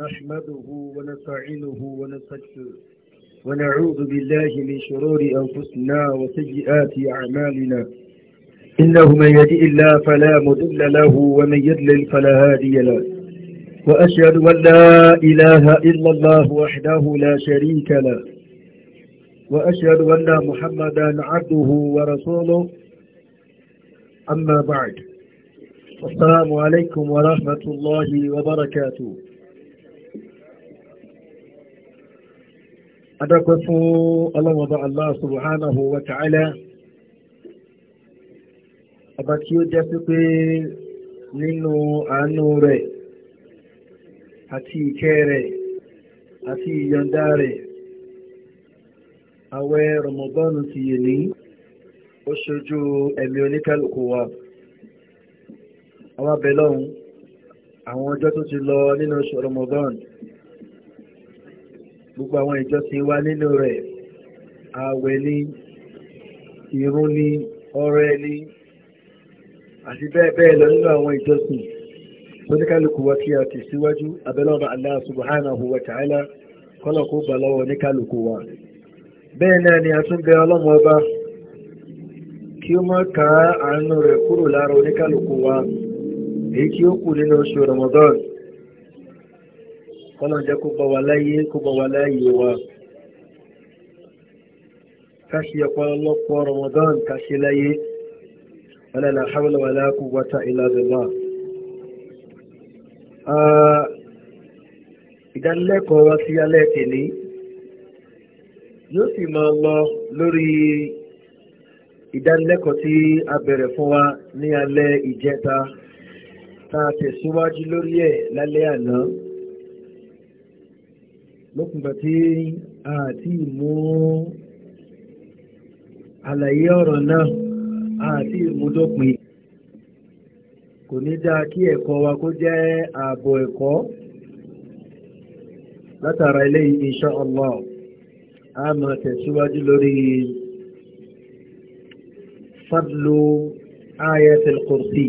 نحمده ونستعينه ونستغفره ونعوذ بالله من شرور أنفسنا وسيئات أعمالنا إنه من يدئ الله فلا مضل له ومن يضلل فلا هادي له وأشهد أن لا إله إلا الله وحده لا شريك له وأشهد أن محمدا عبده ورسوله أما بعد السلام عليكم ورحمة الله وبركاته adọ́pẹ́ fún ọlọ́wọ́ba Allah subhanahu wa ta'ala ọba tí ó jẹ́ pípé nínú àánú rẹ̀ àti ìkẹ́ rẹ̀ àti ìyọ̀ǹda rẹ̀ àwẹ̀ rọmọbọ́ọ̀nù ti yè ní ó ṣojú ẹ̀mí oníkálukú wa àwọn abẹ́lọ́hún àwọn ọjọ́ tó ti lọ nínú oṣù rọmọbọ́ọ̀nù gbogbo àwọn ìjọsìn wa nínú rẹ̀ ààwẹ̀ ni ìrun ni ọrẹ ni àti bẹ́ẹ̀ bẹ́ẹ̀ lọ nínú àwọn ìjọsìn wa kí a ti síwájú abẹ́lọ́ba Allah subhanahu wa ta'ala kọ́nà gbà lọ́wọ́ oníkálukú wa bẹ́ẹ̀ náà ni a tún bẹ ọlọ́mọ ọba kí ó ka àánú rẹ̀ kúrò lára oníkálukú wa èyí tí ó kù nínú oṣù kọ́nà jẹ́ kó bọ́ wa láyé kó bọ́ wa láyé wa káṣí ọ̀pọ̀lọpọ̀ Ramadan káṣí láyé wala la hawla wala quwwata illa billah ìdánilẹ́kọ̀ọ́ wa sí alẹ́ tèlé yóò sì máa lọ lórí ìdánilẹ́kọ̀ọ́ tí a bẹ̀rẹ̀ fún wa ní alẹ́ ìjẹta tá tẹ̀síwájú lórí ẹ̀ lálẹ́ àná lókùngbà tí àti mú àlàyé ọ̀rọ̀ náà àti ìmúdópin kò ní dáa kí ẹ̀kọ́ wa kó jẹ́ ààbò ẹ̀kọ́ látara ilé insha Allah a máa tẹ̀síwájú lórí fadlu ayatul kursi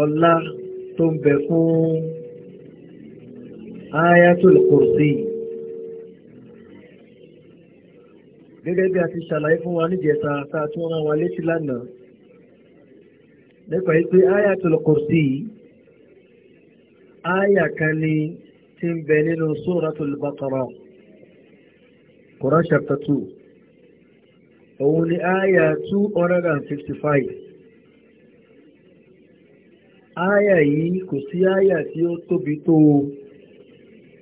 ọlá tó ń bẹ fún ayatul kursi gẹ́gẹ́ bí a ti ṣàlàyé fún wa níjẹta tá a tún rán wa létí lánàá nípa pé ayatul kursi aya kan ni tí ń bẹ nínú suratul baqara Quran chapter two òun ni aya two aya yìí kò sí aya tí ó tóbi tó o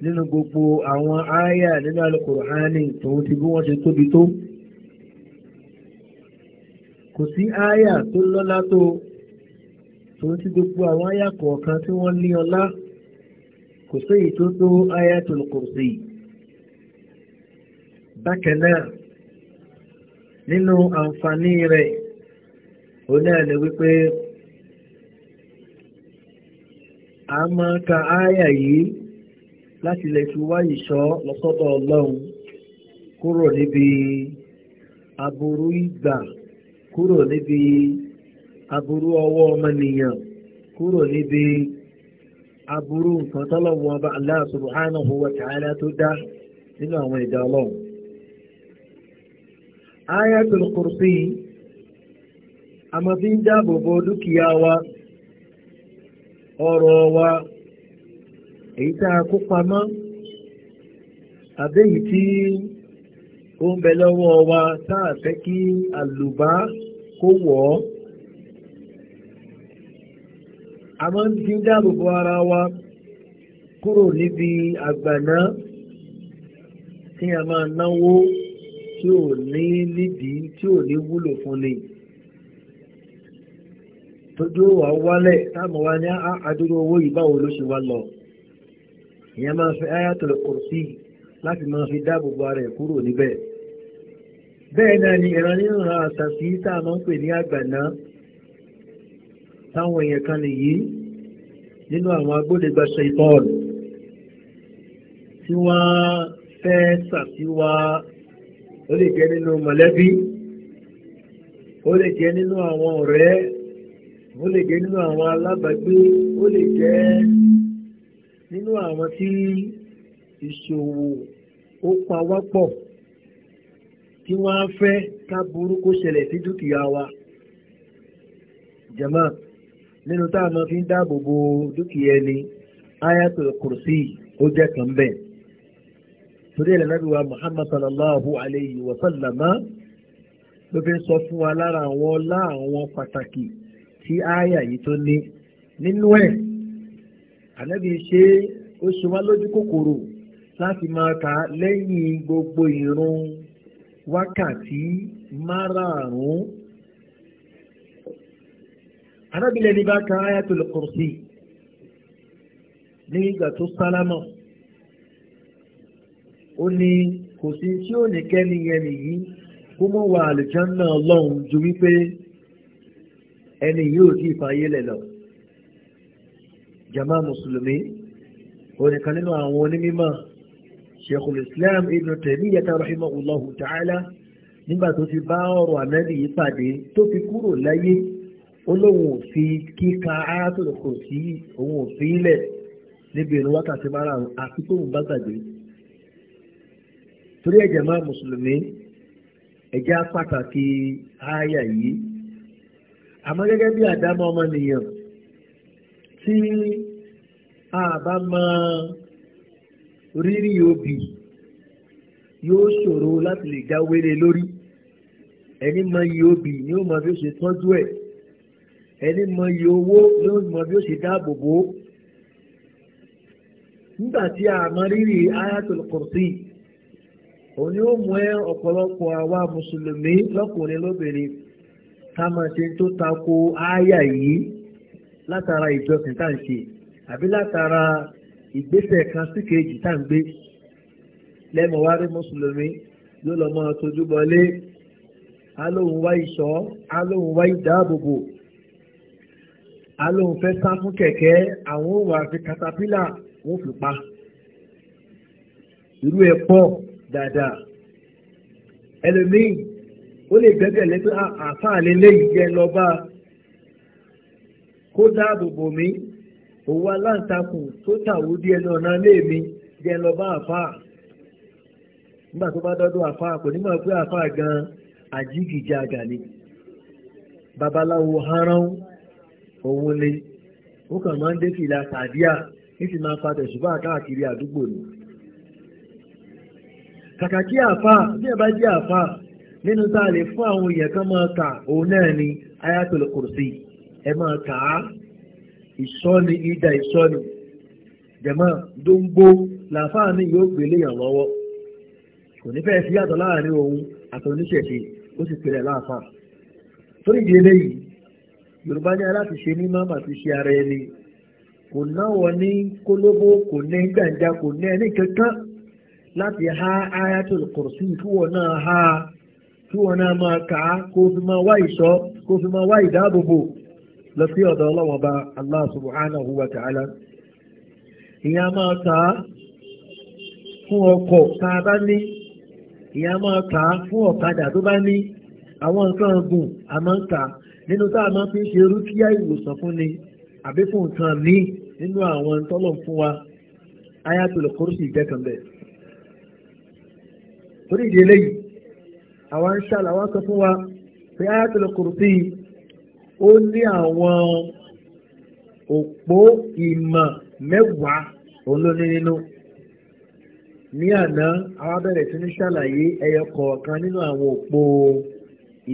nínú gbogbo àwọn ááyà nínú Al-Qur'ani tòun ti bí wọ́n ṣe tóbi tó kò sí ááyà tó lọ́lá tó tòun ti gbogbo àwọn ááyà kọ̀ọ̀kan tí wọ́n ní ọlá kò sí èyí tó tó Ayatul Kursi bákan náà nínú àǹfààní rẹ̀ òun náà ni wípé a máa ka ááyà yìí. láti lè fi wá ìṣọ́ lọ́sọ́dọ̀ ọlọ́run kúrò níbi aburú ìgbà kúrò níbi aburú ọwọ́ ọmọnìyàn kúrò níbi aburú nǹkan tọ́lọ́wọ́ ọba Allah subhanahu wa ta'ala tó dá nínú àwọn ìdá ọlọ́run. Ayatul Kursi àmọ́ fi ń dáàbò bo dúkìá wa wa. èyí tá a kó pamọ́ àbẹ́yìí tí ó ń bẹ lọ́wọ́ wa tá a fẹ́ kí àlùbá kó wọ̀ ọ́ a máa ń dín dáàbò bo ara wa kúrò níbi àgbàná tí a máa náwó tí ò ní nídìí tí ò ní wúlò fún ni tójú wa wálẹ̀ táàmù wa ní àdúró owó ìbáwo ló ṣe wá lọ ìyẹn máa fi ayatul kursi láti máa fi dáàbò bo ara ẹ̀ kúrò níbẹ̀ bẹ́ẹ̀ náà ni ìran nínú ra àṣàṣì tá a máa ń pè ní àgbàná táwọn èèyàn kan nìyí nínú àwọn agbódegba ṣaitọ́ọ̀lù tí wọ́n fẹ́ ṣàṣìwá ó lè jẹ́ nínú mọ̀lẹ́bí ó lè jẹ́ nínú àwọn ọ̀rẹ́ ó lè jẹ́ nínú àwọn alábàgbé ó lè jẹ́ nínú àwọn tí ìṣòwò ó pa wá pọ̀ tí wọ́n á fẹ́ ká burú ṣẹlẹ̀ sí dúkìá wa jama nínú tá a máa fi ń dáàbò bo dúkìá ẹni ayatul kursi ó jẹ́ kan bẹ́ẹ̀ torí ẹ̀lẹ́ nàbí wa muhammad sallallahu alayhi wa sallama ló fi ń sọ fún wa lára àwọn ọlá àwọn pàtàkì tí aya yìí tó ní nínú ẹ̀ ànábì ṣe ó ṣe wá lójú kòkòrò láti máa kà á lẹ́yìn gbogbo ìrun wákàtí márààrún. ànábì lẹ́ni bá ka ayatul kursi ní ìgbà tó sálámọ̀ ó ní kò sí tí ó ní kẹ́ni yẹn nìyí kó mọ̀ wà àlùjánnà Ọlọ́run ju wípé ẹni yóò di ìfàyè lẹ̀ lọ jama mùsùlùmí oníkan nínú àwọn onímọ̀ sheikhul islam ibn taymiyyah rahimahullahu ta'ala nígbà tó ti bá ọ̀rọ̀ ànábì yìí pàdé tó fi kúrò láyé olóhùn òfin kíka ayatul kursi òun òfin ilẹ̀ níbi ìrún wákàtí márùn-ún àti tóun bá gbàgbé torí ẹ̀jẹ̀ máa mùsùlùmí ẹ̀jẹ̀ pàtàkì àyà yìí àmọ́ gẹ́gẹ́ bí àdámọ́ ọmọnìyàn tí àbá mọ rírì obì yóò ṣòro láti lè já wéré lórí ẹni mọ iye obì ni ó mọ bí ó ṣe tọ́jú ẹ̀ ẹni mọ iye owó ni ó mọ bí ó ṣe dáàbò bò ó nígbà tí a mọ rírì ayatul kursi òun ni ó mú ẹ ọ̀pọ̀lọpọ̀ àwa mùsùlùmí lọ́kùnrin lóbìnrin ká máa ṣe tó tako ááyà yìí látara ìjọsìn tá à ń ṣe àbí látara ìgbésẹ̀ kan sí kejì tá à ń gbé lẹ́mọ̀ wá rí mùsùlùmí ló lọ́ mọ́ tójú bọlé alóhùn wá ìṣọ́ alóhùn wá ìdáàbòbò alóhùn fẹ́ sá fún kẹ̀kẹ́ àwọn òwò àti katapila wọ́n fi pa irú ẹ̀ pọ̀ dáadáa ẹlòmíì ó lè gbẹ́gbẹ̀lé pé ah, àfáà lélẹ́yìí jẹ́ lọ́ba kó dáàbòbò mi òwò aláǹtakùn tó tàwó díẹ̀ náà náà lé mi jẹ́ lọ bá àfáà nígbà tó bá dọ́dọ̀ àfáà kò ní pé àfáà gan ni babaláwo haran òun ni ó kàn máa ń dé fìlà tàdíà ní ti máa fa tẹ̀sùbá káàkiri àdúgbò ni kàkà kí àfáà bí ẹ bá jẹ́ àfáà nínú tá a lè fún àwọn ìsọ́ni ìdá ìsọ́ni jẹ̀mọ́ dóńgbó làáfàá ni yóò gbélé yàn lọ́wọ́ kò ní fẹ́ẹ́ sí yàtọ̀ láàrin òun àti oníṣẹ̀ṣe ó sì pèrè láàfàá torí ìdí eléyìí yorùbá ní aláti ṣe ní máma ti ṣe ara ẹni kò náwọ ní kólóbó kò ní gbàǹjà kò ní ẹni kankan láti ha ayatul kursi kí wọn náà ha kí wọn náà máa kà á kó fi máa wá ìṣọ́ kó fi máa wá ìdáàbòbò. lọ sí ọ̀dọ̀ ọlọ́wọ́n bá Allah subhanahu wa ta'ala ìyá máa ta fún ọkọ̀ tá a bá ní ìyá máa ta fún ọ̀kadà tó bá ní àwọn nǹkan ọ̀gùn a ń ta nínú tá a máa fi ń ṣe rúkíá ìwòsàn fún àbí fún nínú àwọn tọ́lọ̀ ó ní àwọn òpó ìmọ̀ mẹ́wàá olóní nínú ní àná àwọn abẹ́rẹ́ tí ní ṣàlàyé ẹyọ kọ̀ọ̀kan nínú àwọn òpó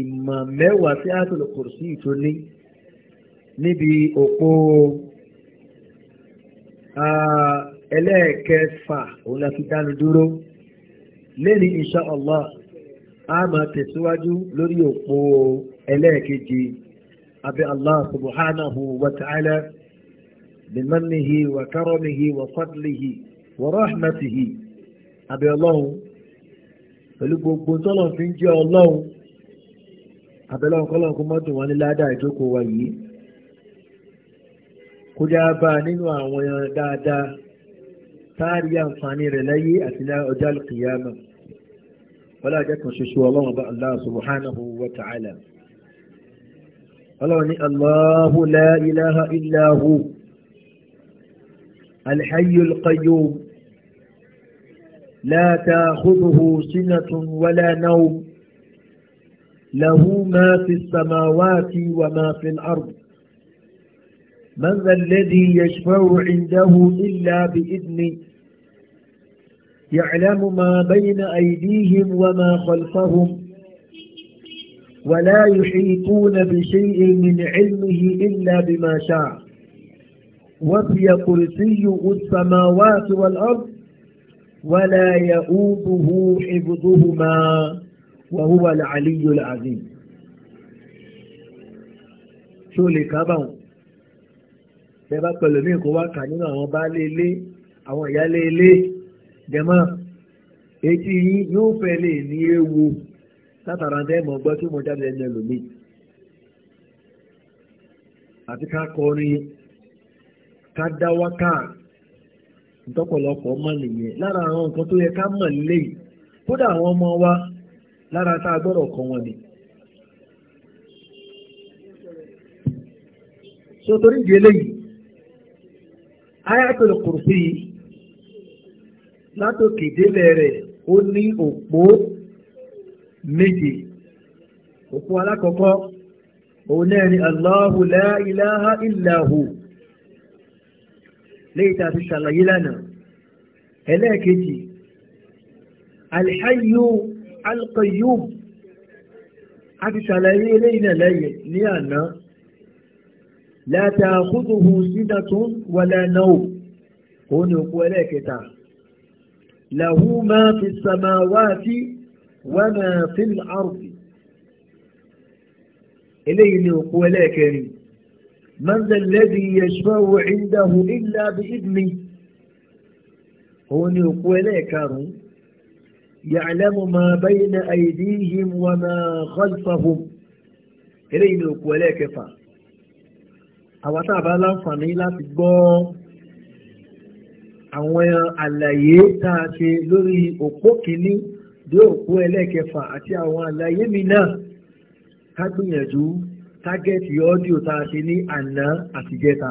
ìmọ̀ mẹ́wàá tí àtòlù kò sí ìtòní níbi òpó ẹlẹ́ẹ̀kẹfà òun la fi dánu dúró lẹ́ni insha Allah a máa tẹ̀síwájú lórí òpó أبي الله سبحانه وتعالى بمنه وكرمه وفضله ورحمته أبي الله فلقوا الله في جاء الله أبي الله قال لكم أنتم وأن لا داعي تكوا وي كجا بانين وأن دادا تاري أنفاني رلي أثناء أجل القيامة ولا جاكم ششو الله سبحانه وتعالى ọlọ́run ní Allahu la ilaha illa hu alhayyul qayyum la ta'khudhuhu sinatun wala nawm lahu ma fi samawati wa ma fi al-ard من ذا الذي يشفع عنده إلا بإذنه يعلم ما بين أيديهم وما خلفهم ولا يحيطون بشيء من علمه إلا بما شاء وفي كرسي السماوات والأرض ولا يؤوده حفظهما وهو العلي العظيم ṣó lè kábàwọn ṣe bá pẹ̀lú mí kó wá kà nínú àwọn baálé ilé àwọn ìyálé ilé jẹmọ́ etí yín yóò fẹ́ lè ní ewu látara tẹ́ mọ̀ gbọ́ tí mo ẹlòmíì àti ká kọrin ká dá wákà ntọ́pọ̀lọpọ̀ mọ̀ nìyẹn lára àwọn nǹkan tó yẹ ká mọ̀ kódà àwọn ọmọ wa lára tá a gbọ́dọ̀ kọ́ wọn ni. so torí ìdí eléyìí méjì òkú alákọ̀ọ́kọ́ òun náà ni Allahu la ilaha illa hu léyìí tá a ti ṣàlàyé lánàá ẹlẹ́ẹ̀kejì alhayyu alqayyum a ti ṣàlàyé eléyìí náà lẹ́yìn ní àná la ta'khuduhu sinatun wala nawm òun ni òkú ẹlẹ́ẹ̀kẹta lahu ma fi samawati. وما في الأرض إليه لوقوة لكريم من ذا الذي يشفع عنده إلا بإذنه هو لوقوة لكريم يعلم ما بين أيديهم وما خلفهم إليه لوقوة لكفا àwọn tá a bá láǹfààní láti gbọ́ àwọn àlàyé tá a ṣe lórí òpó kìíní dé òpó ẹlẹ́kẹfà àti àwọn àlàyé mi náà ká gbìyànjú tágẹ́tì ọ́díò tá a ṣe ní àná àtijẹ́ta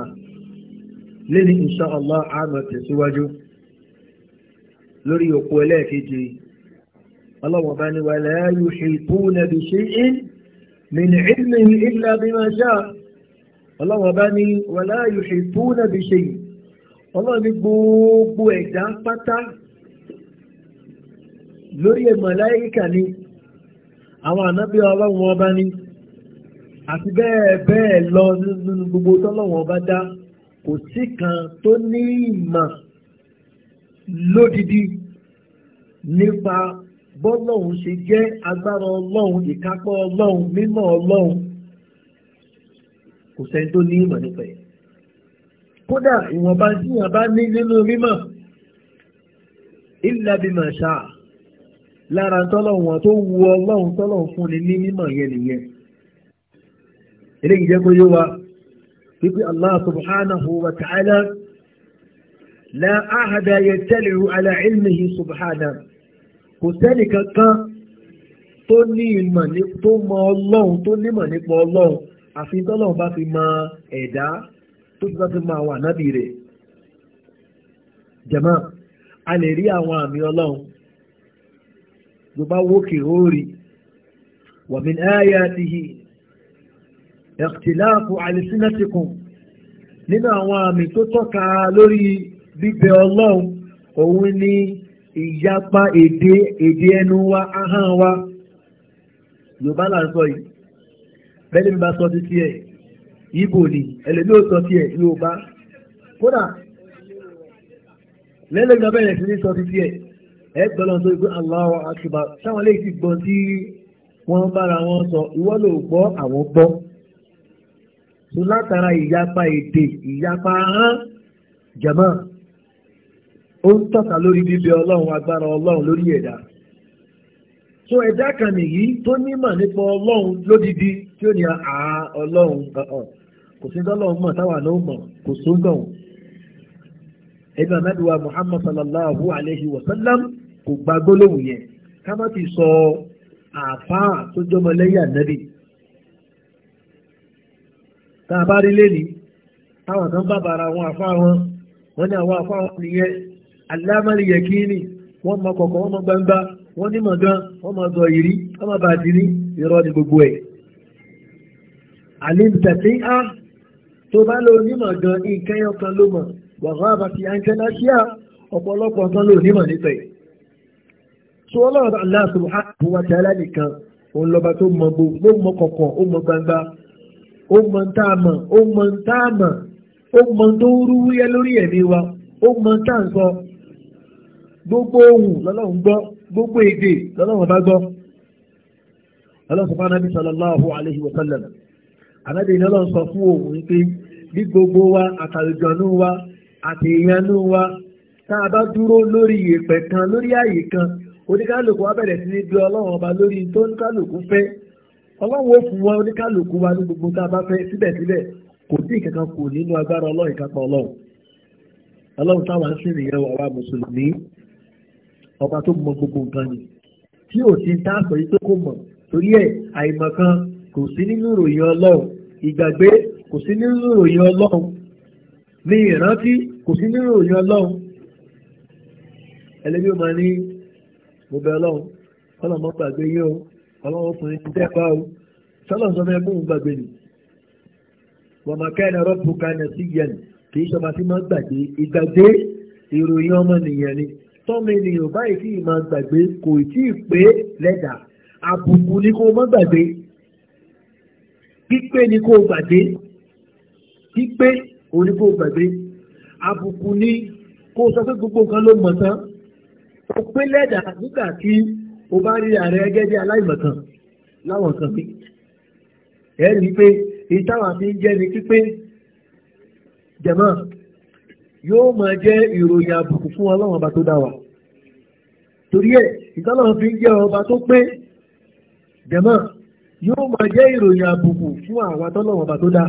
lẹ́ni insha Allah àmọ̀ tẹ̀síwájú lórí òpó ẹlẹ́ẹ̀kejì ọlọ́wọ̀n bá ní wa la yuhituna bi shay'in min ilmihi illa bima sha'a ọlọ́wọ̀n bá ní wa la yuhituna bi shay'in ọlọ́run ní gbogbo ẹ̀dá pátá lórí màláíkà ni àwọn ànábí ọlọ́run ọba ni àti bẹ́ẹ̀ bẹ́ẹ̀ lọ nínú gbogbo tọ́lọ́run ọba dá kò sí kan tó ní ìmọ̀ lódìdí nípa bọ́lọ́hun ṣe jẹ́ agbára ọlọ́hun ìkápá ọlọ́hun mímọ́ ọlọ́hun kò sẹ́ni tó ní ìmọ̀ nípa ẹ̀. kódà ìwọ̀nba tí yàn bá ní nínú mímọ̀ illa bima lára tọ́lọ́wọ̀n tó wu ọlọ́run tọ́lọ́run fún ni ní mímọ̀ yẹn nìyẹn eléyìí jẹ́ wa allah subhanahu wa ta'ala la ahada yattali'u ala ilmihi subhanahu kò sẹ́ni kankan tó ní ìmọ̀ tó mọ ọlọ́run tó nímọ̀ nípa ọlọ́run àfi tọ́lọ́run bá fi mọ ẹ̀dá tó ti bá fi mọ àwọn ànábì rẹ̀ a lè rí ló bá wókè orí wàmí ayé àti hì ẹ̀kìtìláàfù àlìsínàtìkùn nínú àwọn àmì tó tọ́ka lórí bíbẹ ni ìyapa èdè èdè ẹnu wa ahọ́n wa yorùbá là ń sọ yìí bẹ́ẹ̀ ni bá sọ ni ẹgbẹ̀lọ́n tó gbé Allahu Akbar sáwọn lè ti gbọ́n tí wọ́n bára wọn sọ ìwọ́ ló gbọ́ àwọn gbọ́ tó látara ìyapa èdè ìyapa hàn jama ó ń tọ́ka lórí bíbí ọlọ́run agbára ọlọ́run lórí ẹ̀dá tó ẹ̀dá kan nìyí tó nímọ̀ nípa ọlọ́run lódìdí tí ó ní àá ọlọ́run kò sí dọ́lọ́run mọ̀ táwa náà kò sóńgàn ẹ̀dùn àmẹ́dùwà Muhammad sallallahu alayhi wa sallam kò gba gbólóhùn yẹn ká má ti sọ àfáà tó jọmọ lẹ́yìn ànábì tá a bá rí lẹ́ni táwọn kan bá bàrà àwọn àfáà wọn wọ́n ní àwọn àfáà wọn nìyẹn aláàmàlì yẹ kí ni wọ́n mọ kọ̀kọ̀ wọ́n mọ gbangba wọ́n ní mọ̀ gan wọ́n mọ zọ ìrí wọ́n mọ bàtì ní irọ́ ni gbogbo ẹ̀. àlè tẹ̀sí á tó bá lọ onímọ̀ gan nǹkan ẹyọ kan ló mọ̀ wàhálà àbàtì àǹkẹ́ náà ṣíà ọ̀pọ̀lọpọ̀ kan ló onímọ̀ nífẹ̀ẹ́. tí wọ́n lọ́rọ̀ Allah subhanahu wa ta'ala nìkan òun lọ́ba tó mọ gbogbo ó mọ kọ̀kọ̀ ó mọ gbangba ó mọ tá a mọ̀ ó mọ tá a mọ̀ ó mọ ń lórí ẹ̀mí wa ó mọ gbogbo ohun lọ́lọ́run gbọ́ gbogbo èdè lọ́lọ́run bá gbọ́ sọ fún òun pé bí gbogbo wa wa wa tá a bá dúró lórí ìyèpẹ̀ kan lórí àyè kan oníkálùkù wa bẹ̀rẹ̀ sí ní ọlọ́run ọba lórí tó oníkálùkù fẹ́ ọlọ́run ó fún wa wa ní gbogbo tá a bá fẹ́ síbẹ̀síbẹ̀ kò sí ìkankan kù nínú agbára ọlọ́run ìkápá ọlọ́run ọlọ́run táwọn sì nìyẹn wà wá mùsùlùmí ọba tó gbogbo nǹkan ni tí ò sí tá a sọ yìí tó kò mọ̀ torí ẹ̀ àìmọ̀kan kò sí nínú ìròyìn ọlọ́run mo bẹ ọlọ́run ọlọ́run mọ́ gbàgbé yín o ọlọ́run ọkùnrin ti dẹ́pa o sọlọ́run sọ fẹ́ mú un gbàgbé ni wọ́n máa ká ẹni rọ́pù ká ẹni sí yẹn kì í sọba tí máa gbàgbé ìgbàgbé ìròyìn ọmọ nìyẹn ni tọ́mọ ènìyàn báyìí tí ì gbàgbé kò tí ì pé lẹ́dà àbùkù ni kó má gbàgbé pípé ni kó gbàgbé pípé òní kó gbàgbé àbùkù ni kó sọ pé gbogbo nǹkan ló mọ̀ tán ó pé lẹ́dà nígbà tí o bá rí ààrẹ gẹ́gẹ́ bí aláìmọ̀kan láwọn kan pé ẹ rí i pé ìtawà fi ń jẹ́ ni pípé jẹ̀mọ́ yóò máa jẹ́ ìròyìn àbùkù fún ọlọ́run ọba tó dá wa torí ẹ̀ ìtọ́lọ́run fi ń jẹ́ ọba tó pé jẹ̀mọ́ yóò máa jẹ́ ìròyìn àbùkù fún àwa tọ́lọ́run ọba tó dá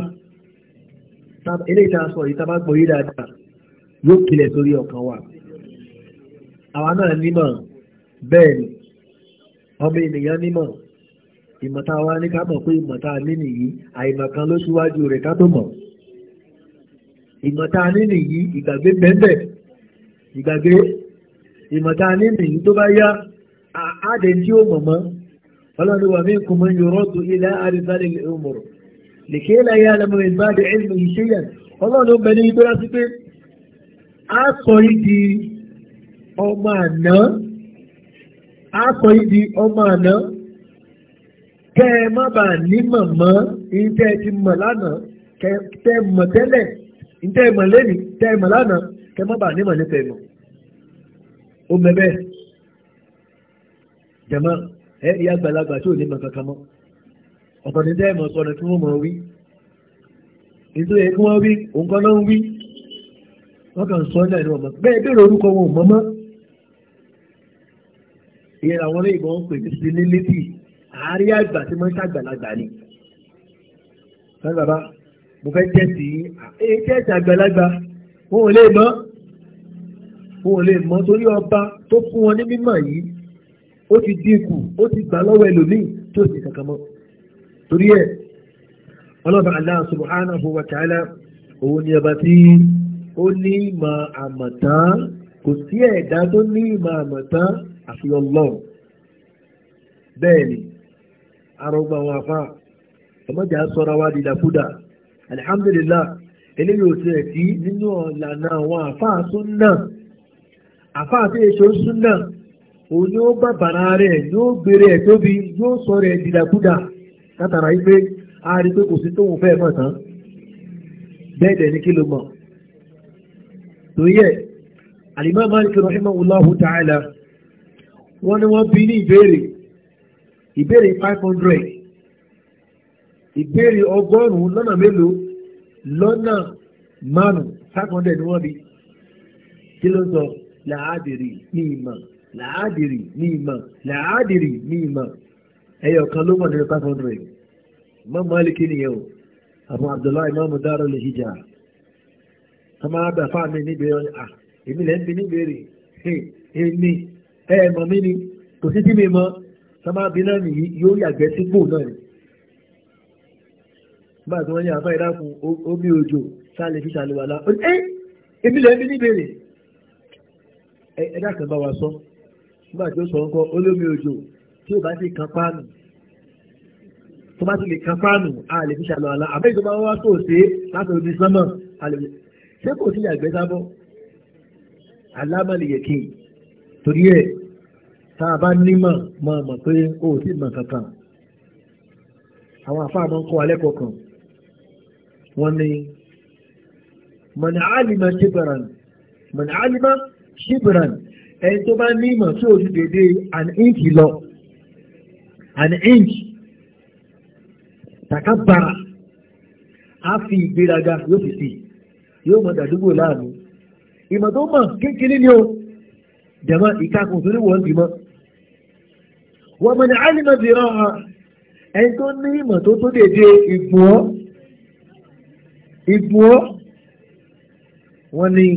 eléyìí tá a sọ yìí dáadáa yóò kílẹ̀ sórí ọkàn wa. awa náà nímọ̀ bẹ́ẹ̀ ni ọmọ ènìyàn nímọ̀ ìmọ̀ta wa ní ká pé ìmọ̀ta ní nìyí àìmọ̀ ló síwájú rẹ̀ ká ìmọ̀ta ní nìyí ìgbàgbé bẹ́ẹ̀ ìgbàgbé ìmọ̀ta ní nìyí tó bá yá àádé tí ó mọ̀ mọ́ ọlọ́run mí kùmọ̀ yòrọ́tù ilẹ̀ àrísáré ìmọ̀rọ̀ lèkè láyé alamọ̀ ọmọ àná akọ sọ ọmọ àná kẹ́ ẹ má ní mọ̀mọ́ ti mọ̀ lánàá kẹ́ tẹ́ mọ̀ tẹ́lẹ̀ èyí mọ̀ mọ̀ lánàá má ní mọ̀ nípa ẹ̀ mọ̀ mẹ́bẹ́ ẹ ìyá àgbàlagbà tí ò ní mọ̀ kankan mọ́ ọ̀tọ̀ ní tẹ́ mọ̀ sọ̀nà tí wọ́n mọ̀ wí ètò wí náà wí ìyẹn àwọn olóyìnbó ń pè ní sinility àárí àgbà tí wọ́n ń ṣàgbàlagbà ni. sọ́ni bàbá mo fẹ́ tẹ̀sí èyí tẹ̀sí àgbàlagbà wọn ò lè mọ̀ wọn ò lè mọ̀ torí ọba tó fún wọn ní mímọ̀ yìí ó ti dínkù ó ti gbà lọ́wọ́ ẹlòmíì tí ó sì kankan mọ́ torí ẹ̀ ọlọ́ba Allah subhanahu wa ta'ala òun ni ọba tí ó ní ìmọ̀ àmọ̀tán kò sí ẹ̀dá tó ní ìmọ̀ àmọ̀tán àfi ọlọ́run bẹ́ẹ̀ ni arọgbà àwọn afá ọmọdé asọ́ra wa di dàkúdà alihamdulilah eléyìí ò tiẹ̀ sí nínú ọ̀làna àwọn afá súnà afá àti èso súnà òun ni ó bá bàrà rẹ̀ yóò gbére ẹ̀ tóbi yóò sọ rẹ̀ di dàkúdà látara yìí pé a rí pé sí tóun fẹ́ mọ̀ tán bẹ́ẹ̀ dẹ̀ ni kí ló mọ̀ tó yẹ alimami Malik rahimahullahu ta'ala wọ́n ní wọ́n bí ní ìbéèrè ìbéèrè five hundred ìbéèrè ọgọ́rùn-ún lọ́nà mélòó lọ́nà márùn-ún five hundred ni wọ́n bí kí ló ń sọ làádìrì ní ìmọ̀ làádìrì ní ìmọ̀ làádìrì ní ìmọ̀ ẹyọ kan ló mọ̀ nínú five hundred Imam Maliki nìyẹn o Abu Abdullahi Imam Darul Hijra ọmọ abẹ́fà mi níbẹ̀rẹ̀ à ah, èmi lẹ́ ń bi níbẹ̀rẹ̀ èmi ẹ mọ̀ mí ni kò sí tí mi mọ̀ sọmábi náà nìyí yóò yàgbẹ́ sípò náà ni. nígbà tí wọ́n ní àbá ìdá fún omi òjò sálẹ̀ fi ṣàlùwàlá ó ní ẹ́ èmi lè mi níbèrè ẹ dákẹ́ bá wa sọ nígbà tí ó sọ nǹkan olómi òjò tí ò bá sì kan páànù tó bá sì lè kan páànù a lè fi ṣàlùwàlá àbẹ́ ìjọba wa tó ṣe láti omi sánmọ̀ a lè fi ṣé kò sí yàgbẹ́ sábọ́ alámàlì yẹ̀kẹ́yìí torí ẹ̀ tá a bá nímọ̀ mọ̀ mọ̀ pé o ò tí mọ̀ kankan àwọn àfáà máa ń kọ́ alẹ́ kọ̀ọ̀kan wọ́n ní mọ̀nà àlìmọ̀ ṣíbìràn mọ̀nà àlìmọ̀ ṣíbìràn ẹni tó bá ní ìmọ̀ tí ó ju dédé an inch lọ an inch takabara a fi ìgbéraga yóò fi sí yóò mọ̀ dàdúgbò láàmú ìmọ̀ tó mọ̀ kékeré ni o jẹ̀mọ́ ìkàkùn tó ní wọ́n bímọ. wọ́n mọ̀ ní alìmọ̀ bí rán ọ ẹni tó ní ìmọ̀ tó tó dédé ìbùọ́ ìbùọ́ wọ́n ní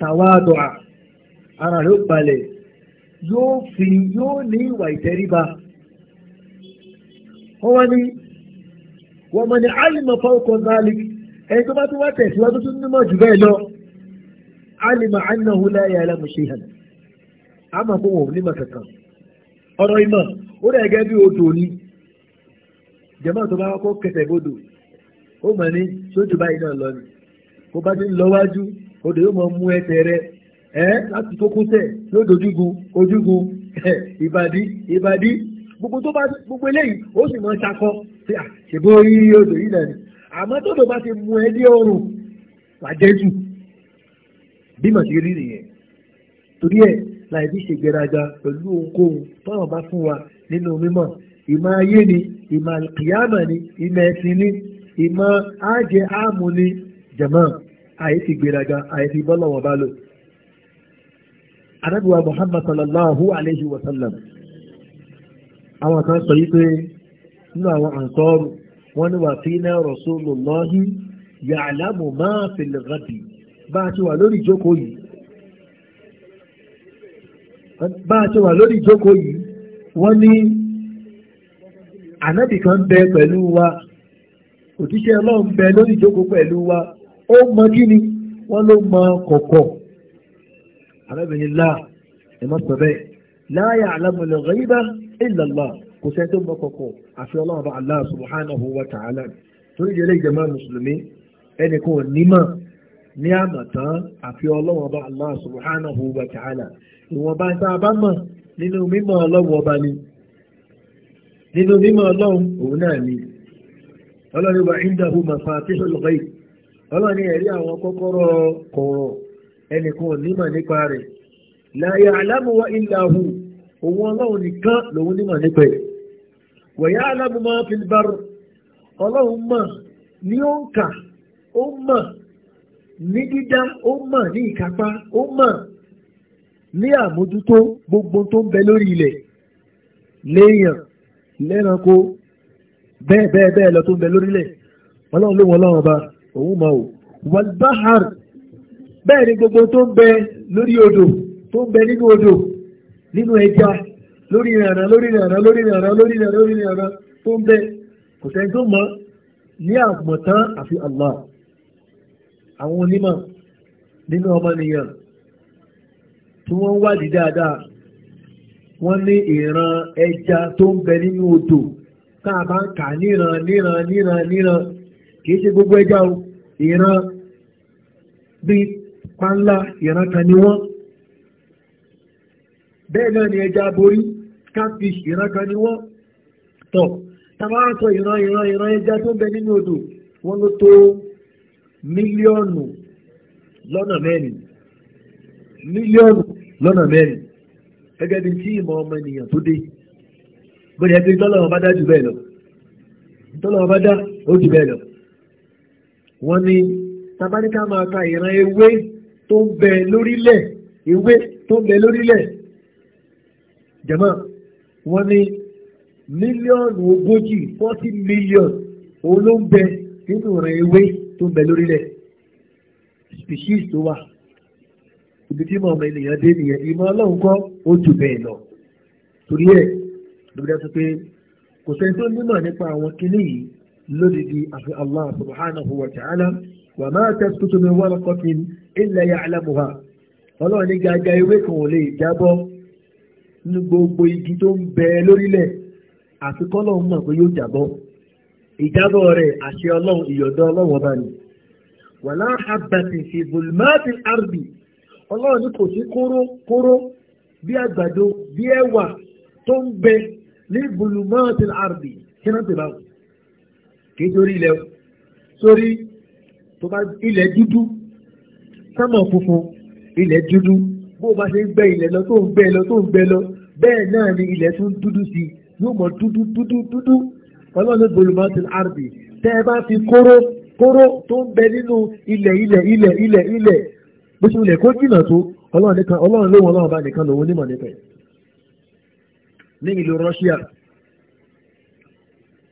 tàwádọ́à ara rẹ̀ ó balẹ̀ yóò fi yóò ní ìwà ìtẹríba wọ́n wá ní wọ́n mọ̀ ní alìmọ̀ fọ́ọ̀kọ̀ náà ẹni tó bá tún wá tẹ̀síwájú tó nímọ̀ jù bẹ́ẹ̀ lọ alima annahu la ya'lamu shay'an a máa kó wọn ò ní mọ̀ kankan ọ̀rọ̀ ìmọ̀ ó dà gẹ́gẹ́ bí odò ni jẹ́mọ́ tó bá kó kẹsẹ̀ bodò ó mọ̀ ní sójú báyìí náà lọ ni kó bá ti ń lọ wájú odò yóò mọ̀ mú ẹsẹ̀ rẹ ẹ láti kókósẹ̀ yóò dojúgun ojúgun ìbàdí ìbàdí gbogbo tó bá gbogbo eléyìí ó sì mọ̀ ṣakọ sí à ṣèbó yí odò yìí náà ni àmọ́ tó dò bá ti mú ẹ ní ọrùn wàjẹ́jù bí mà ṣe rí nìyẹn torí ẹ̀ láì bí ṣe gbéraga pẹ̀lú ohunkóhun táwọn bá fún wa nínú mímọ̀ ìmọ̀ ayé ni ìmọ̀ kìyàmà ni ìmọ̀ ẹ̀sìn ni ìmọ̀ àjẹ àmú ni jàmá àyè ti gbéraga àyè ti bọ́lọ̀ wọn bá lò. anábìwá muhammad sallallahu alayhi wa sallam àwọn kan sọ yí pé nínú àwọn àǹsọ́ọ̀rù wọn ni wà fi iná rasulullahi ya'lamu máa fil ghadi. bá a ti wà lórí ìjókòó yìí bá a ti wà lórí ìjókòó yìí kan bẹ pẹ̀lú wa òjíṣẹ́ ọlọ́run bẹ lórí ìjókòó pẹ̀lú wa ó mọ kí ni wọ́n ló mọ kọ̀kọ̀ arábìnrin láà ẹ má sọ bẹ́ẹ̀ láàyè àlámọ̀lẹ̀ rẹ́yìnbá ìlàlá kò sẹ́ni tó mọ kọ̀kọ̀ àfi ọlọ́run bá Allah subhanahu wa ta'ala torí ìdílé musulmi mùsùlùmí ẹnì kan ò ní ní àmọ̀tán àfi ọlọ́run ọba Allah subhanahu wa ta'ala ìwọ̀nba tá a bá mọ̀ nínú mímọ̀ ọlọ́run ọba ni nínú mímọ̀ ọlọ́run òun náà ni ọlọ́run wa indahu mafatihul ghaib ọlọ́run ẹ̀rí àwọn kọ́kọ́rọ́ kọ̀ọ̀rọ̀ ẹnìkan onímọ̀ nípa rẹ̀ la ya'lamu wa illa hu òun ọlọ́run nìkan lòun nímọ̀ nípa ẹ̀ wa ya'lamu ma fil barr ọlọ́run mọ̀ ní ó ń kà ó mọ̀ ní dídá ó mọ̀ ní ìkápá ó mọ̀ ní àmójútó gbogbo tó ń bẹ lórí ilẹ̀ léèyàn lẹ́ranko bẹ́ẹ̀ bẹ́ẹ̀ bẹ́ẹ̀ lọ tó ń bẹ lórílẹ̀ ọlọ́run ló wọn lọ́wọ́ ọba òun mọ̀ ò wàlbáhàr bẹ́ẹ̀ ni gbogbo tó ń bẹ lórí odò tó ń bẹ nínú odò nínú ẹja lórí ìrànà lórí ìrànà lórí ìrànà lórí ìrànà lórí ìrànà tó ń bẹ kò sẹ́ni tó mọ̀ ní àmọ̀tán àfi Allah àwọn onímọ̀ nínú ọmọnìyàn tí wọ́n ń wádìí dáadáa wọ́n ní ìran ẹja tó ń bẹ nínú odò tá a bá ń kà níran níran níran níran kìí ṣe gbogbo ẹja o ìran bíi pánlá ìran kan ni wọ́n bẹ́ẹ̀ náà ni ẹja borí catfish ìran kan ni wọ́n tọ̀ tá a bá ń sọ ìran ìran ìran ẹja tó ń bẹ nínú odò wọ́n ló tó mílíọ̀nù lọ́nà mẹ́rin mílíọ̀nù lọ́nà mẹ́rin gẹ́gẹ́ bí tí ìmọ̀ ọmọ ènìyàn tó dé tọ́lọ́wọ́ bá dá jù bẹ́ẹ̀ lọ tọ́lọ́wọ́ bá dá ó jù bẹ́ẹ̀ lọ wọ́n ní tabaníkà máa ka ìran ewé tó ń bẹ lórílẹ̀ ewé tó ń bẹ tó ń bẹ lórílẹ̀ species tó wà ibi tí mọ̀ ọmọ ènìyàn dé nìyẹn ìmọ̀ ọlọ́run kọ́ ó jù bẹ́ẹ̀ lọ torí ẹ̀ lóbi dá sọ pé kò sẹ́ni tó nímọ̀ nípa àwọn kinní yìí àfi Allah subhanahu wa ta'ala wa ma tasqutu min waraqatin illa ya'lamuha ọlọ́run ní gàgà ewé kan ò lè jábọ́ gbogbo igi tó ń bẹ mọ̀ pé yóò jábọ́. ìjábọ̀ rẹ̀ àṣẹ ọlọ́run ìyọ̀dọ̀ ọlọ́run ọba ni wàlá àbàtì fi bùlmáàtì àrùbì ọlọ́run ní kò sí kóró kóró bí àgbàdo bí ẹ̀wà tó ń bẹ ní bùlmáàtì àrùbì kí náà ti bá wù kí torí ilẹ̀ sórí tó bá ilẹ̀ dúdú sámọ̀ funfun ilẹ̀ dúdú bó o bá ṣe ń gbẹ ilẹ̀ lọ tó ń gbẹ lọ tó ń gbẹ lọ bẹ́ẹ̀ náà ni ilẹ̀ tún dúdú sí yóò mọ dúdú dúdú dúdú ọlọ́run gbòlùmọ́tì àrùbí tẹ́ ẹ bá fi kóró kóró tó ń bẹ nínú ilẹ̀ ilẹ̀ ilẹ̀ ilẹ̀ ilẹ̀ bó ṣe ilẹ̀ kó jìnà tó ọlọ́run nìkan ọlọ́run lóhun ọlọ́run bá nìkan lòun onímọ̀ nípa ẹ̀. ní ìlú Russia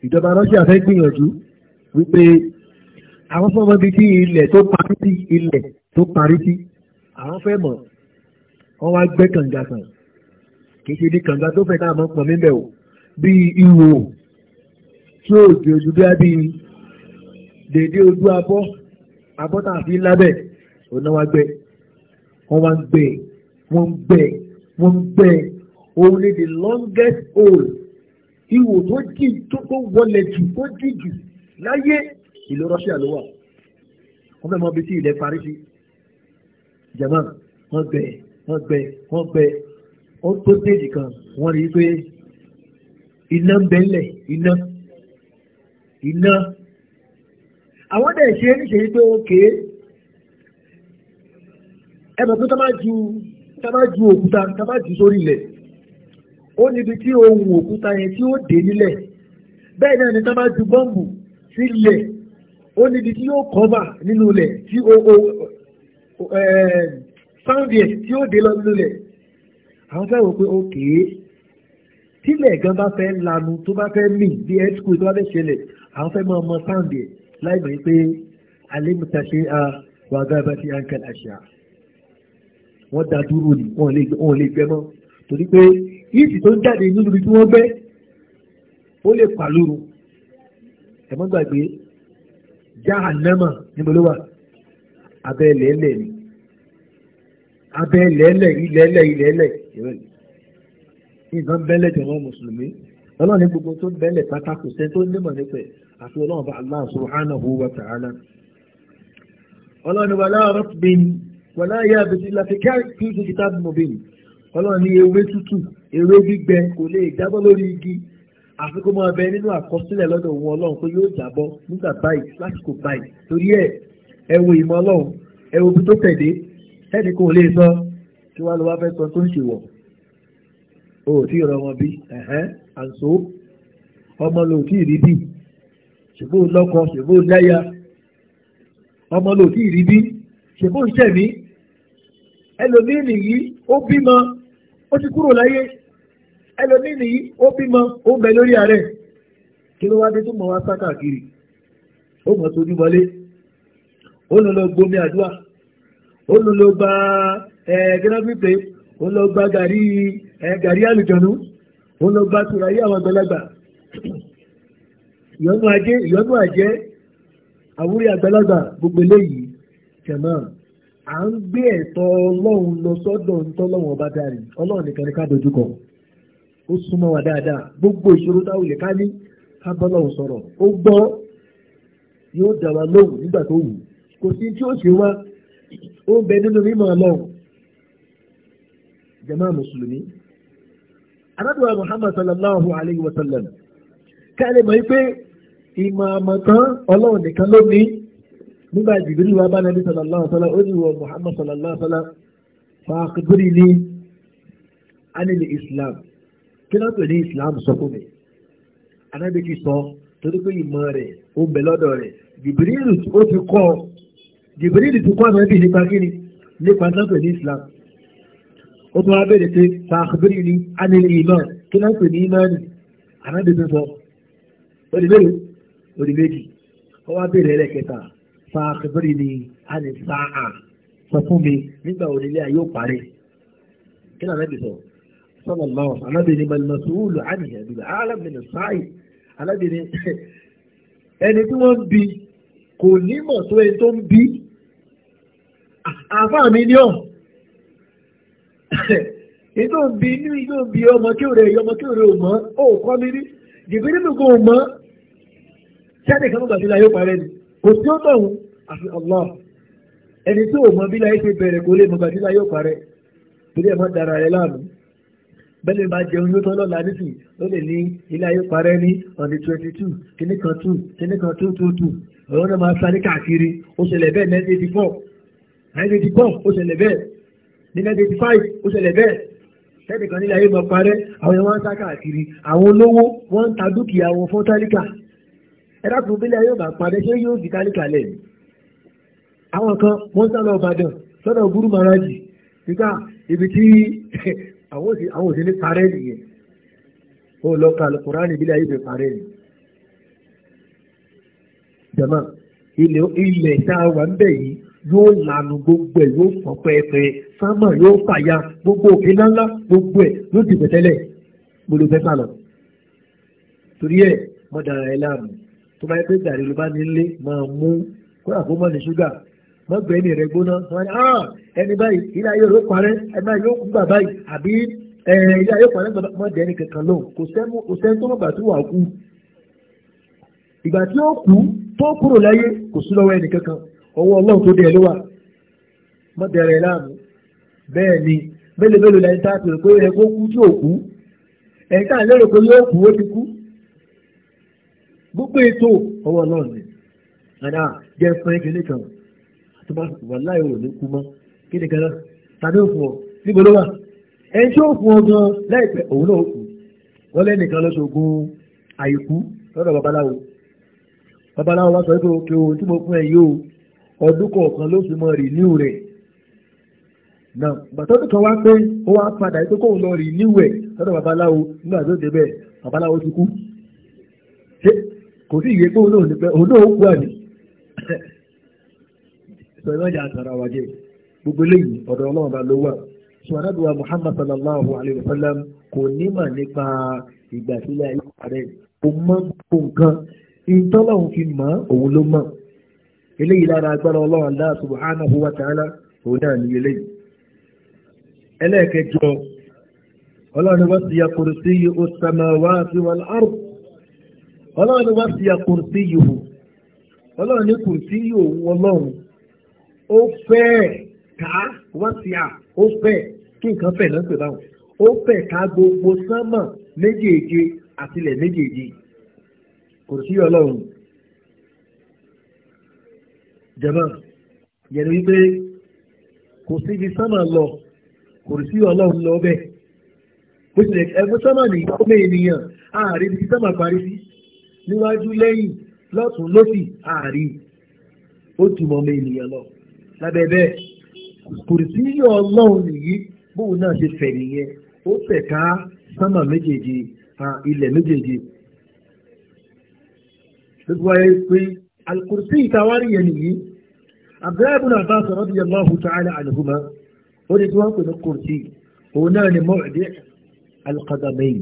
ìjọba Russia fẹ́ gbìyànjú wípé àwọn fún ọmọ bíi tí ilẹ̀ tó parí sí ilẹ̀ tó parí sí àwọn fẹ́ mọ̀ wọ́n wá gbẹ́ kànga kan kì í ṣe ní kànga tó fẹ́ tá a mọ̀ pọ̀ tí ó di ojú bí ábí dèdé ojú abọ́ abọ́ tà fi lábẹ́ ọ̀nà wa gbẹ wọ́n wá ń gbẹ wọ́n ń gbẹ wọ́n ń gbẹ òun ni the longest hole ihò tó jì tó wọlé jù tó jì jù láyé ìlú Russia ló wà wọ́n fẹ́ mọ ibi tí ilẹ̀ Paris jama wọ́n gbẹ wọ́n gbẹ wọ́n gbẹ wọ́n tó déèdì kan wọ́n rí i pé iná ń bẹ́ńlẹ̀ iná iná àwọn dẹ̀ ṣe níṣe wípé òkè ẹbẹ̀ tó tábá ju tábá ju òkúta tábá ju sórí ilẹ̀ ó níbi tí ohun òkúta yẹn tí ó dé nílẹ̀ bẹ́ẹ̀ náà ni tábá ju bọ́ǹbù sí ilẹ̀ ó níbi tí yóò kọ́bà nínú ilẹ̀ tí ó sáwùdì ẹ̀ tí ó dé lọ nínú ilẹ̀ àwọn fẹ́ wò pé òkè tílẹ̀ gan bá fẹ́ lanu tó bá fẹ́ mì bí ẹ́ skul tó bá fẹ́ ṣẹlẹ̀ àwọn fẹ́ máa mọ sáǹdì láì mọ̀ pé alẹ́mùta ṣe a wàgá bá ti àǹkà àṣà wọ́n da dúró ni wọ́n lè gbẹ́ mọ́ torí pé yíìsì tó ń jáde nínú ibi tí wọ́n gbẹ́ ó lè pa lóru ẹ̀mọ́ gbàgbé jahannama níbo ló wà abẹ́ lẹ́lẹ̀ ni abẹ́ lẹ́lẹ̀ ilẹ̀lẹ̀ ilẹ̀lẹ̀ nǹkan bẹ́lẹ̀ tí wọ́n mùsùlùmí ọlọ́run ní gbogbo tó bẹ́lẹ̀ pátákó sẹ́ni tó nímọ̀ nípa ẹ̀ àti ọlọ́run bá Allah subhanahu wa ta'ala ọlọ́run wala ratbin wala yabis illa fi kẹ́ẹ̀kì kitabin mubin ọlọ́run ní ewé tútù ewé gbígbẹ kò lè jábọ́ lórí igi àfi kó máa bẹ nínú àkọsílẹ̀ lọ́dọ̀ òun ọlọ́run pé yóò jábọ́ nígbà báyìí lásìkò báyìí torí ẹ̀ ẹ wo ìmọ̀ ọlọ́run ẹ wo bí tó tẹ̀lé ẹnì kò lè sọ kí wàá lọ wá fẹ́ sọ tó ń ṣèwọ̀ o ò tí ì rọ wọn bí ọmọ lò tí ì rí bíi ṣèbó lọ́kọ ṣèbó lẹ́yà ọmọ ló ti rí bí ṣèbó ṣẹ̀mí ẹlòmíì nìyí ó bímọ ó ti kúrò láyé ẹlòmíì nìyí ó bímọ ó ń bẹ lórí ààrẹ kí ló wá dé tó mọ wá sá káàkiri ó mọ̀ tójú wọlé ó lọ lọ gbomi àdúrà ó lọ lọ gba ẹ̀ẹ́dẹ́gbẹ̀pẹ̀ ó lọ gba gàrí àlùjọ̀nù ó lọ gba tùràyé àwọn àgbàlagbà ìyọnú ajé ìyọnu ajé àwúrí àgbàlagbà gbogbo eléyìí tẹ̀mọ́ à ń gbé ẹ̀tọ́ ọlọ́run lọ sọ́dọ̀ ntọ́lọ́run ọba dárì ọlọ́run nìkan ní ká dojúkọ ó wa gbogbo ìṣòro táwọn lè ká ní ká bọ́lọ́run sọ̀rọ̀ ó gbọ́ yóò dà wá lóhùn nígbà tó wù kò sí tí ó jama mùsùlùmí sallallahu alayhi wa sallam pé ìmọ̀ àmọ̀tán ọlọ́run nìkan ló ní nígbà jìbìrì wa bá nàbí sallallahu alaihi wasallam ó ní wọ Muhammad sallallahu alaihi wasallam fàákìbìrì ní anilé Islam kí ló ń pè ní Islam sọ fún mi anábì ti sọ torí pé ìmọ̀ rẹ̀ ó ń bẹ lọ́dọ̀ rẹ̀ jìbìrì ó ti kọ́ jìbìrì ti kọ́ ànábì nípa kíni nípa náà pè ní Islam ó tún wá bẹ̀rẹ̀ pé fàákìbìrì ní anilé ìmọ̀ kí ló pè ní ìmọ̀ ni anábì ti sọ ó lè bẹ̀rẹ̀ lórí méjì ó wá béèrè ẹlẹ́kẹta fa àkẹbẹ́rì ni a lè sa à sọ fún mi nígbà wo nílé ayé ó parí kí náà nàbì sọ sọlọ lọ alábìnrin malimasuulu àníyàn ìdúgbò alábìnrin sáì alábìnrin ẹni tí wọ́n ń bi kò ní mọ̀ tó ẹni tó ń bi àfáà mi ni ọ̀ ètò ń bi inú ìlú ń bi ọmọ kí òrè ọmọ kí òrè ò mọ́ ó kọ́ mi rí jìbìrì nìkan ò mọ́ ṣáàdì kan gbàgbé la yóò parẹ́ ni kò sí ó tọ̀hún àfi Allah ẹni tí ò mọ bí láyé ṣe bẹ̀rẹ̀ kó lè mọ gbàgbé la yóò parẹ́ torí ẹ̀ má dara rẹ láàmú bẹ́ẹ̀ máa jẹun yóò tán lọ́la nísì ó lè ní ilé ayé parẹ́ ní ọ̀nì twenty two kíní kan two kíní kan two two two ọ̀rọ̀ náà máa sáré káàkiri ó ṣẹlẹ̀ bẹ́ẹ̀ nine eighty four nine eighty four ó ṣẹlẹ̀ bẹ́ẹ̀ ní nine eighty five ó ṣẹlẹ̀ bẹ́ẹ̀ sẹ́ẹ̀dì kan nílé ayé máa parẹ́ àwọn yẹn wọ́n ń sá káàkiri àwọn olówó wọ́n ń ta dúkìá wọn fún tálíkà ẹ̀dàkùn bílẹ̀ yóò bá padà ṣé yóò di kálíkàlẹ̀ ni àwọn kan wọ́n sá lọ Ìbàdàn sọ́dọ̀ gúrú maraji nígbà ibi tí àwọn òsì ní parẹ́ nìyẹn ó lọ ka Al-Qur'an ìbílẹ̀ ayé fi parẹ́ ni jama ilẹ̀ tá a wà ń bẹ̀ yìí lanu gbogbo ẹ̀ yóò pẹ́ẹ́pẹ́ sámà yóò gbogbo òkè ńláńlá gbogbo ẹ̀ yóò dìbò tẹ́lẹ̀ fẹ́ sálọ torí ẹ̀ mọ́ dára ẹ láàmú tó bá yẹ pé gàrí ló bá nílé máa mú kódà kó mọ̀ ní ṣúgà mọ́ gbé ní rẹ̀ gbóná wọ́n ní ah, ẹni báyìí ilé ayé rẹ̀ parẹ́ ẹni báyìí yóò kú gbà báyìí àbí ilé ayé parẹ́ mọ́ dẹ́ni kankan lóhùn kò sẹ́ni tó mọ̀ gbà tó wà kú ìgbà tí ó kú tó kúrò láyé kò sí lọ́wọ́ ẹnì kankan ọwọ́ ọlọ́run tó dẹ̀ ló wà mọ́ dẹ̀rẹ̀ láàmú bẹ́ẹ̀ ni mélòó mélòó lẹ́yìn tá a pèrè pé ẹ kó kú tí ò gbogbo ètò ọwọ́ ọlọ́run ni àná jẹ́ fún ẹgbẹ́ nìkan tó bá wà láì wò ní kú mọ́ kí ni kan tàbí òfin ọ níbo ló wà ẹni tí ó fún ọ gan láìpẹ́ òun náà kù wọ́n lẹ́nìkan lọ́sọ̀gùn àìkú lọ́dọ̀ babaláwo babaláwo wá sọ pé òkè ohun tí mo fún ẹ yìí o ọdún kọ̀ọ̀kan ló fi mọ rìníw rẹ̀ náà bàtọ́dún kan wá pé ó wá padà pé kóun lọ rìníw ẹ̀ lọ́dọ̀ babaláwo nígbà tó débẹ̀ babaláwo ti kú kò sí ìyẹ́ pé olóhùn ní pẹ́ olóhùn pọ̀ ní sọ̀rọ̀jà àtàrà wájé gbogbo lẹ́yìn ọ̀dọ̀ ọlọ́run bá ló wà sọ̀rọ̀dùwà Muhammad sallallahu alayhi wa sallam kò nímọ̀ nípa ìgbà sílẹ̀ ayé rẹ̀ kò mọ̀ gbogbo nǹkan ìtọ́lọ́hún fi mọ̀ òun ló mọ̀ eléyìí lára agbára ọlọ́run Allah subhanahu wa ta'ala òun náà ní eléyìí ẹlẹ́ẹ̀kẹjọ ọlọ́run wá sí wọn lárùn ọlọ́run ni wọ́n fi àkùrùsí yòó ọlọ́run ní kùrùsí yòó ọlọ́run ó fẹ́ ká wọ́n fi à ó fẹ́ kí nǹkan fẹ̀ náà pè báwọn ó fẹ́ ká gbogbo sánmà méjèèje àtìlẹ̀ méjèèje kùrùsí yòó ọlọ́run jẹ̀mọ́ yẹnu wípé kò síbi sánmà lọ kùrùsí yòó ọlọ́run lọ bẹ́ẹ̀ bó tilẹ̀ ẹgbẹ́ sánmà nìyí ọmọ ènìyàn ààrẹ ibi tí sánmà parí sí níwájú lẹ́yìn lọ́tún lósì àárí ó ti mọ̀ ọmọ ènìyàn lọ lábẹ́ bẹ́ẹ̀ kùrìsí yọ ọlọ́run nìyí bóun náà ṣe fẹ̀ nìyẹn ó fẹ̀ ká sánmà méjèèjì ilẹ̀ méjèèjì gbogbo ayé pé alkùrìsí ìtawárí yẹn nìyí abdullahi ibn abbas radiyallahu ta'ala anhuma ó ní tí wọ́n pè ní kùrìsí òun náà ni mọ́ọ̀dẹ́ alqadamayn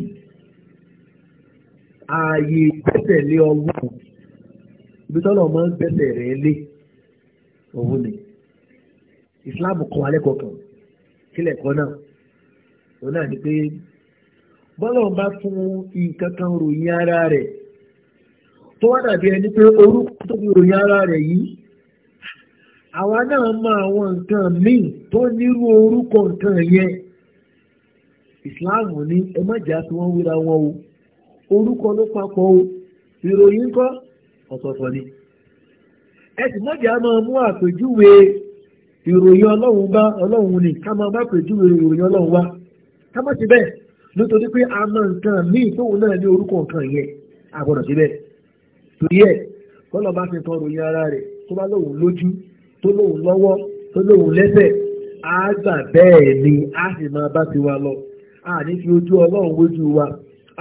ààyè gbẹ́sẹ̀ lé ọlọ́run ibi tọ́lọ̀ máa ń gbẹ́sẹ̀ lé òun ni islam kọ́ alẹ́ kọ̀ọ̀kan kílẹ̀ náà òun náà ni bá fún nǹkan kan ròyìn ara rẹ̀ tó wá dàbí ẹni pé orúkọ tó fi ara rẹ̀ yìí àwa náà mọ àwọn nǹkan míì tó nírú orúkọ nǹkan yẹn islam ní ẹ má jà sí wọn orúkọ ló papọ̀ o ìròyìn kọ́ ọ̀tọ̀ọ̀tọ̀ ni ẹ máa mú àpèjúwe ìròyìn ọlọ́run ọlọ́run ni ká máa bá ìròyìn ọlọ́run wá ká má ti bẹ́ẹ̀ nítorí pé a ma nǹkan míì tóun náà ní orúkọ nǹkan yẹn a gbọ́dọ̀ síbẹ̀ torí ẹ̀ bá fi ara rẹ̀ tó bá lóun lójú tó lọ́wọ́ tó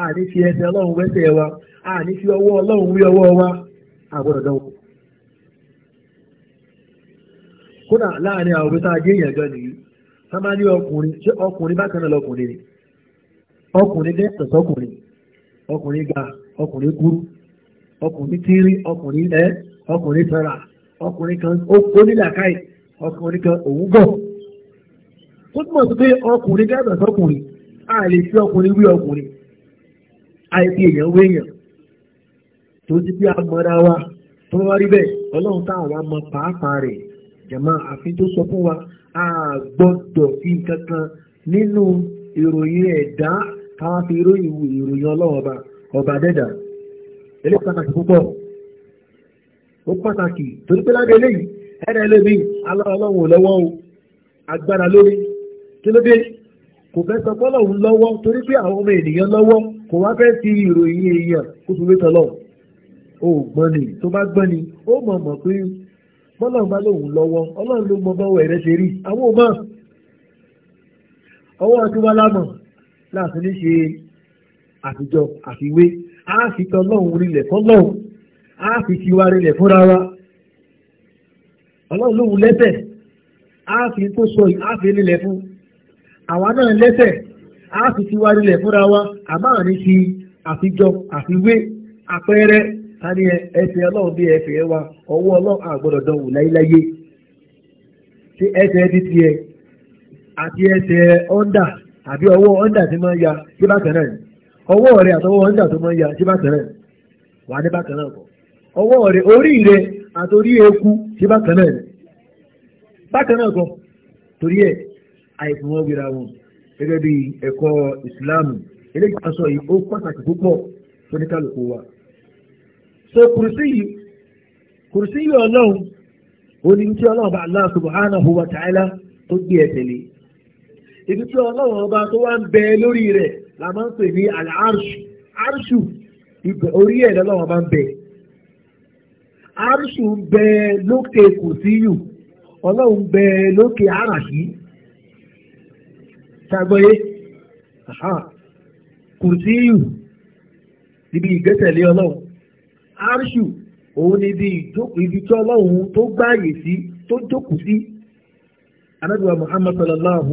àní fi ẹsẹ̀ ọlọ́run wẹ́sẹ̀ wa àní fi ọwọ́ ọlọ́run wí ọwọ́ wa àgbọ̀dọ̀ dánwò. kódà láàrin àwọn òbítà ajé èèyàn gan nìyí tá ní ọkùnrin ṣé ọkùnrin bákan náà lọkùnrin ni ọkùnrin dẹ́ ọkùnrin ga ọkùnrin kúrú ọkùnrin ọkùnrin ẹ ọkùnrin ọkùnrin kan onílàkàì ọkùnrin kan òun gọ̀ ó túmọ̀ sí pé ọkùnrin a ọkùnrin wí ọkùnrin ip èèyàn wé èèyàn tó ti pé amọ̀ra wa tó wá rí bẹ́ẹ̀ ọlọ́run tá mọ pàápàá rẹ̀ jàmá àfin tó sọ fún wa a gbọ́dọ̀ fi kankan nínú ìròyìn ẹ̀dá káwá fi ròyìn ìròyìn ọlọ́run ọba ọba dẹ́dà pàtàkì púpọ̀ ó pàtàkì torí pé ẹ̀rẹ́ lómi o agbára lórí kí ló dé kò fẹ́ sọ ọmọ ènìyàn lọ́wọ́ kò wá fẹ́ fi ìròyìn èèyàn kó tún létọ́ lọ o gbọ́n ni tó bá gbọ́n ni ó mọ̀ mọ̀ pé bọ́lọ̀ bá lòun lọ́wọ́ ọlọ́run ló mọ bọ́wọ́ ẹ̀rẹ́ ṣe rí àwọn ò mọ̀ ọwọ́ tí wọ́n lámọ̀ láti ní ṣe àtijọ́ àfiwé a fi tan lọ́hùn rinlẹ̀ fún lọ́hùn a fi fi wa rinlẹ̀ fúnra wa ọlọ́run lòun lẹ́sẹ̀ a fi tó sọ yìí a fi rinlẹ̀ fún àwa náà lẹ́sẹ̀ a sì ti wárílẹ̀ fúnra wa àmọ́ ní ti àfijọ àfiwé àpẹẹrẹ ẹsẹ̀ ọlọ́run bí ẹsẹ̀ wa ọwọ́ ọlọ́run àgbọ̀dọ̀ dánwò láyéláyé ṣé ẹsẹ̀ ti tiẹ̀ àti ẹsẹ̀ ọ́ndà àbí ọwọ́ ọ́ndà ti máa ń ya sí bákan náà ọwọ́ rẹ àtọwọ́ ọ́ndà tó máa ń ya bákan náà wà ní bákan náà ọwọ́ rẹ orí eku bákan náà bákan torí gẹ́gẹ́ bí ẹ̀kọ́ ìsìláàmù eléyìí kan sọ yìí ó pàtàkì púpọ̀ tó ní kálukú wa. so kùrùsí yìí kùrùsí yìí ọlọ́run ó ní tí ọlọ́run bá Allah subhanahu wa ta'ala tó gbé ẹ̀ tẹ̀lé ibi tí ọlọ́run ọba tó wá ń bẹ lórí rẹ̀ la máa ń pè ní al-arshu arshu orí ẹ̀ lọ́lọ́run ọba ń bẹ arshu ń bẹ lókè kùrùsí yìí ọlọ́run ń bẹ lókè àràṣí ṣàgbọ́yé kò sí yù níbi ìgbésẹ̀lé ọlọ́run arṣù òun ni ibi tí ọlọ́run tó gbáàyè sí tó jókòó sí anábìwá muhammad sallallahu